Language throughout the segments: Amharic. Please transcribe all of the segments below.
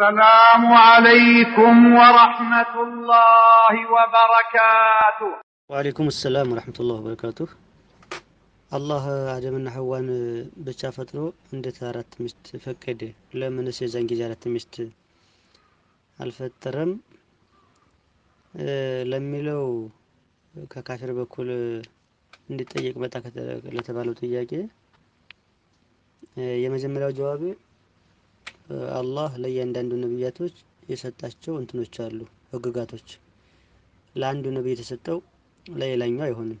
السلام عليكم ورحمة الله وبركاته وعليكم السلام ورحمة الله وبركاته አላህ አደምና ሐዋን ብቻ ፈጥሮ እንዴት አራት ሚስት ፈቀደ? ለምንስ የዛን ጊዜ አራት ሚስት አልፈጠረም? ለሚለው ከካፊር በኩል እንዲጠየቅ በጣም ለተባለው ጥያቄ የመጀመሪያው ጀዋብ አላህ ለእያንዳንዱ ነቢያቶች የሰጣቸው እንትኖች አሉ ህግጋቶች። ለአንዱ ነቢይ የተሰጠው ለሌላኛው አይሆንም።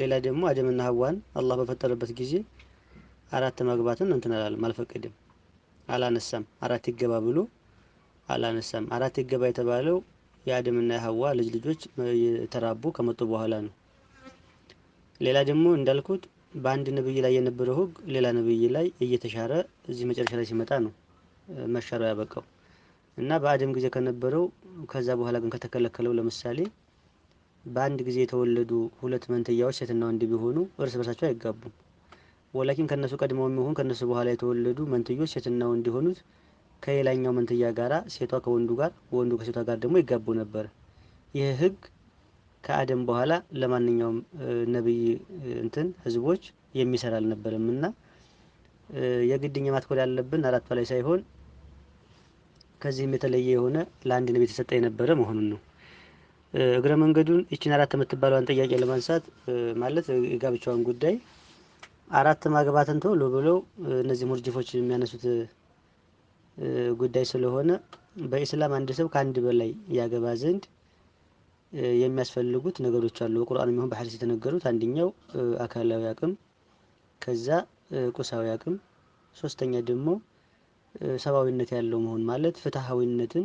ሌላ ደግሞ አደምና ሀዋን አላህ በፈጠረበት ጊዜ አራት ማግባትን እንትን አላለም፣ አልፈቀደም፣ አላነሳም። አራት ይገባ ብሎ አላነሳም። አራት ይገባ የተባለው የአደምና የሀዋ ልጅ ልጆች የተራቡ ከመጡ በኋላ ነው። ሌላ ደግሞ እንዳልኩት በአንድ ነብይ ላይ የነበረው ህግ ሌላ ነብይ ላይ እየተሻረ እዚህ መጨረሻ ላይ ሲመጣ ነው። መሻለው ያበቃው እና በአደም ጊዜ ከነበረው ከዛ በኋላ ግን ከተከለከለው ለምሳሌ በአንድ ጊዜ የተወለዱ ሁለት መንትያዎች ሴትና ወንድ ቢሆኑ እርስ በርሳቸው አይጋቡም። ወላኪን ከነሱ ቀድመው የሚሆን ከነሱ በኋላ የተወለዱ መንትዮች ሴትና ወንድ የሆኑት ከሌላኛው መንትያ ጋራ ሴቷ ከወንዱ ጋር፣ ወንዱ ከሴቷ ጋር ደግሞ ይጋቡ ነበር። ይህ ህግ ከአደም በኋላ ለማንኛውም ነብይ እንትን ህዝቦች የሚሰራ አልነበረም እና የግድኝ ማትኮር ያለብን አራት በላይ ሳይሆን ከዚህም የተለየ የሆነ ለአንድ ነብ የተሰጠ የነበረ መሆኑን ነው። እግረ መንገዱን ይችን አራት የምትባለዋን ጥያቄ ለማንሳት ማለት የጋብቻዋን ጉዳይ አራት ማግባትን ቶሎ ብለው እነዚህ ሙርጅፎች የሚያነሱት ጉዳይ ስለሆነ በኢስላም አንድ ሰው ከአንድ በላይ ያገባ ዘንድ የሚያስፈልጉት ነገሮች አሉ። በቁርአን የሚሆን በሐዲስ የተነገሩት አንደኛው አካላዊ አቅም ከዛ ቁሳዊ አቅም፣ ሶስተኛ ደግሞ ሰብአዊነት ያለው መሆን ማለት ፍትሐዊነትን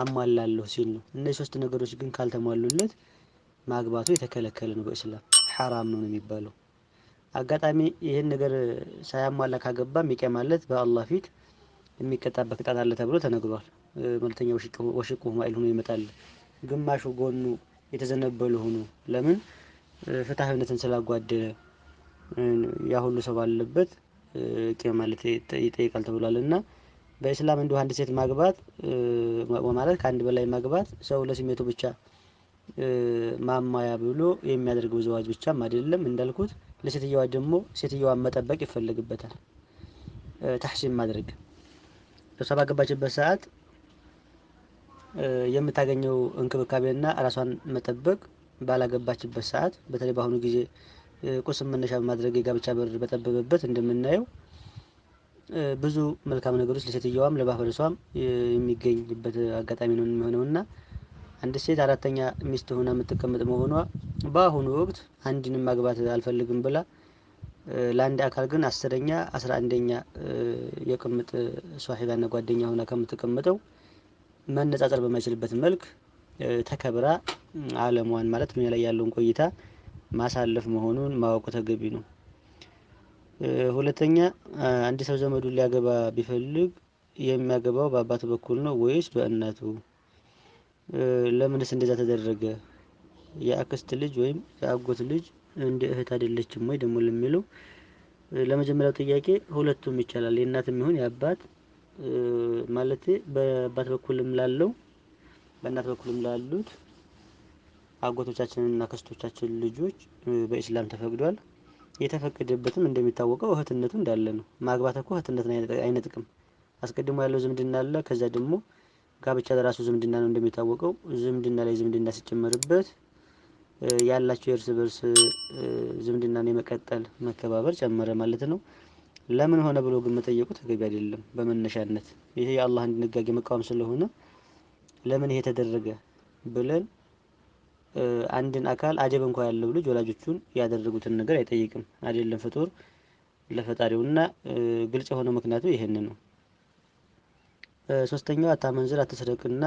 አሟላለሁ ሲል ነው። እነዚህ ሶስት ነገሮች ግን ካልተሟሉለት ማግባቱ የተከለከለ ነው፣ በእስላም ሐራም ነው የሚባለው። አጋጣሚ ይህን ነገር ሳያሟላ ካገባ ሚቄ ማለት በአላህ ፊት የሚቀጣበት ቅጣት አለ ተብሎ ተነግሯል። መልተኛ ወሽቁ ማይል ሆኖ ይመጣል። ግማሹ ጎኑ የተዘነበሉ ሆኖ ለምን ፍትሐዊነትን ስላጓደለ ያሁሉ ሰው ባለበት ቂም ማለት ይጠይቃል ተብሏል እና በእስላም እንዲሁ አንድ ሴት ማግባት ማለት ከአንድ በላይ ማግባት ሰው ለስሜቱ ብቻ ማማያ ብሎ የሚያደርገው ዘዋጅ ብቻም አይደለም። እንዳልኩት ለሴትየዋ ደግሞ ሴትየዋን መጠበቅ ይፈልግበታል። ታሕሲን ማድረግ እሷ ባገባችበት ሰዓት የምታገኘው እንክብካቤና ራሷን መጠበቅ ባላገባችበት ሰዓት በተለይ በአሁኑ ጊዜ ቁስ መነሻ በማድረግ የጋብቻ በር በጠበበበት እንደምናየው ብዙ መልካም ነገሮች ለሴትየዋም ለባህረሷም የሚገኝበት አጋጣሚ ነው የሚሆነው እና አንድ ሴት አራተኛ ሚስት ሆና የምትቀመጥ መሆኗ በአሁኑ ወቅት አንድንም ማግባት አልፈልግም ብላ ለአንድ አካል ግን አስረኛ አስራ አንደኛ የቅምጥ ሷሒባና ጓደኛ ሆና ከምትቀመጠው መነጻጸር በማይችልበት መልክ ተከብራ አለሟን ማለት ዱኒያ ላይ ያለውን ቆይታ ማሳለፍ መሆኑን ማወቁ ተገቢ ነው። ሁለተኛ አንድ ሰው ዘመዱን ሊያገባ ቢፈልግ የሚያገባው በአባቱ በኩል ነው ወይስ በእናቱ? ለምንስ እንደዛ ተደረገ? የአክስት ልጅ ወይም የአጎት ልጅ እንደ እህት አይደለችም ወይ ደግሞ ለሚለው ለመጀመሪያው ጥያቄ ሁለቱም ይቻላል። የእናትም ይሁን የአባት ማለት በአባት በኩልም ላለው በእናት በኩልም ላሉት አጎቶቻችንና ክስቶቻችን ልጆች በኢስላም ተፈቅዷል። የተፈቀደበትም እንደሚታወቀው እህትነቱ እንዳለ ነው። ማግባት እኮ እህትነትን አይነጥቅም። አስቀድሞ ያለው ዝምድና አለ። ከዛ ደግሞ ጋብቻ ለራሱ ዝምድና ነው እንደሚታወቀው። ዝምድና ላይ ዝምድና ሲጨመርበት ያላቸው የእርስ በርስ ዝምድናን የመቀጠል መከባበር ጨመረ ማለት ነው። ለምን ሆነ ብሎ ግን መጠየቁ ተገቢ አይደለም። በመነሻነት ይሄ የአላህን ድንጋጌ መቃወም ስለሆነ ለምን ይሄ ተደረገ ብለን አንድን አካል አጀብ እንኳ ያለው ልጅ ወላጆቹን ያደረጉትን ነገር አይጠይቅም። አይደለም ፍጡር ለፈጣሪውና ግልጽ የሆነው ምክንያቱ ይህን ነው። ሶስተኛው አታመንዝር፣ አትስረቅና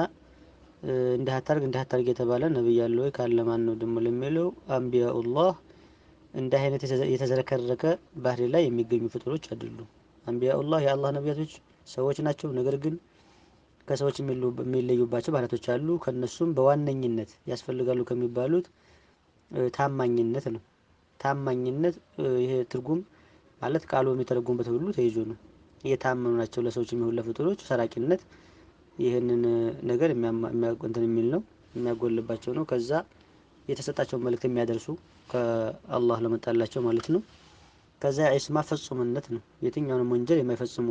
እንዳታርግ እንዳታርግ የተባለ ነብይ ያለ ወይ ካለ ማን ነው ደሞ ለሚለው አንቢያኡላህ እንዲህ አይነት የተዘረከረከ ባህሪ ላይ የሚገኙ ፍጡሮች አይደሉም። አንቢያኡላህ የአላህ ነቢያቶች ሰዎች ናቸው። ነገር ግን ከሰዎች የሚለዩባቸው ባህላቶች አሉ። ከነሱም በዋነኝነት ያስፈልጋሉ ከሚባሉት ታማኝነት ነው። ታማኝነት ይሄ ትርጉም ማለት ቃሉ የሚተረጉምበት ሁሉ ተይዞ ነው። እየታመኑ ናቸው ለሰዎች የሚሆን ለፍጡሮች። ሰራቂነት ይህንን ነገር እንትን የሚል ነው የሚያጎልባቸው ነው። ከዛ የተሰጣቸውን መልእክት የሚያደርሱ ከአላህ ለመጣላቸው ማለት ነው። ከዛ ኢስማ ፈጹምነት ነው። የትኛውንም ወንጀል የማይፈጽሙ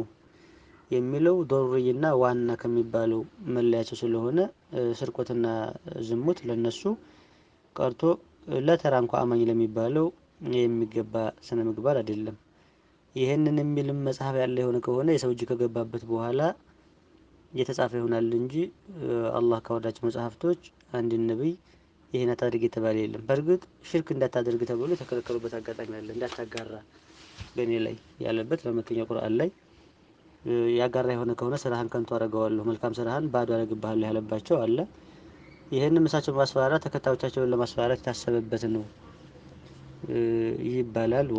የሚለው ዶሩሪና ዋና ከሚባለው መለያቸው ስለሆነ ስርቆትና ዝሙት ለነሱ ቀርቶ ለተራ እንኳ አማኝ ለሚባለው የሚገባ ስነ ምግባር አይደለም። ይህንን የሚልም መጽሐፍ ያለ የሆነ ከሆነ የሰው እጅ ከገባበት በኋላ የተጻፈ ይሆናል እንጂ አላህ ካወረዳቸው መጽሐፍቶች አንድ ነቢይ ይህን አታድርግ የተባለ የለም። በእርግጥ ሽርክ እንዳታደርግ ተብሎ የተከለከሉበት አጋጣሚ አለ። እንዳታጋራ በእኔ ላይ ያለበት በመተኛ ቁርአን ላይ ያጋራ የሆነ ከሆነ ስራህን ከንቱ አደርገዋለሁ፣ መልካም ስራህን ባዶ አደርግብሃለሁ ያለባቸው አለ። ይህን እሳቸው ማስፈራራት ተከታዮቻቸውን ለማስፈራራት የታሰበበት ነው ይባላል።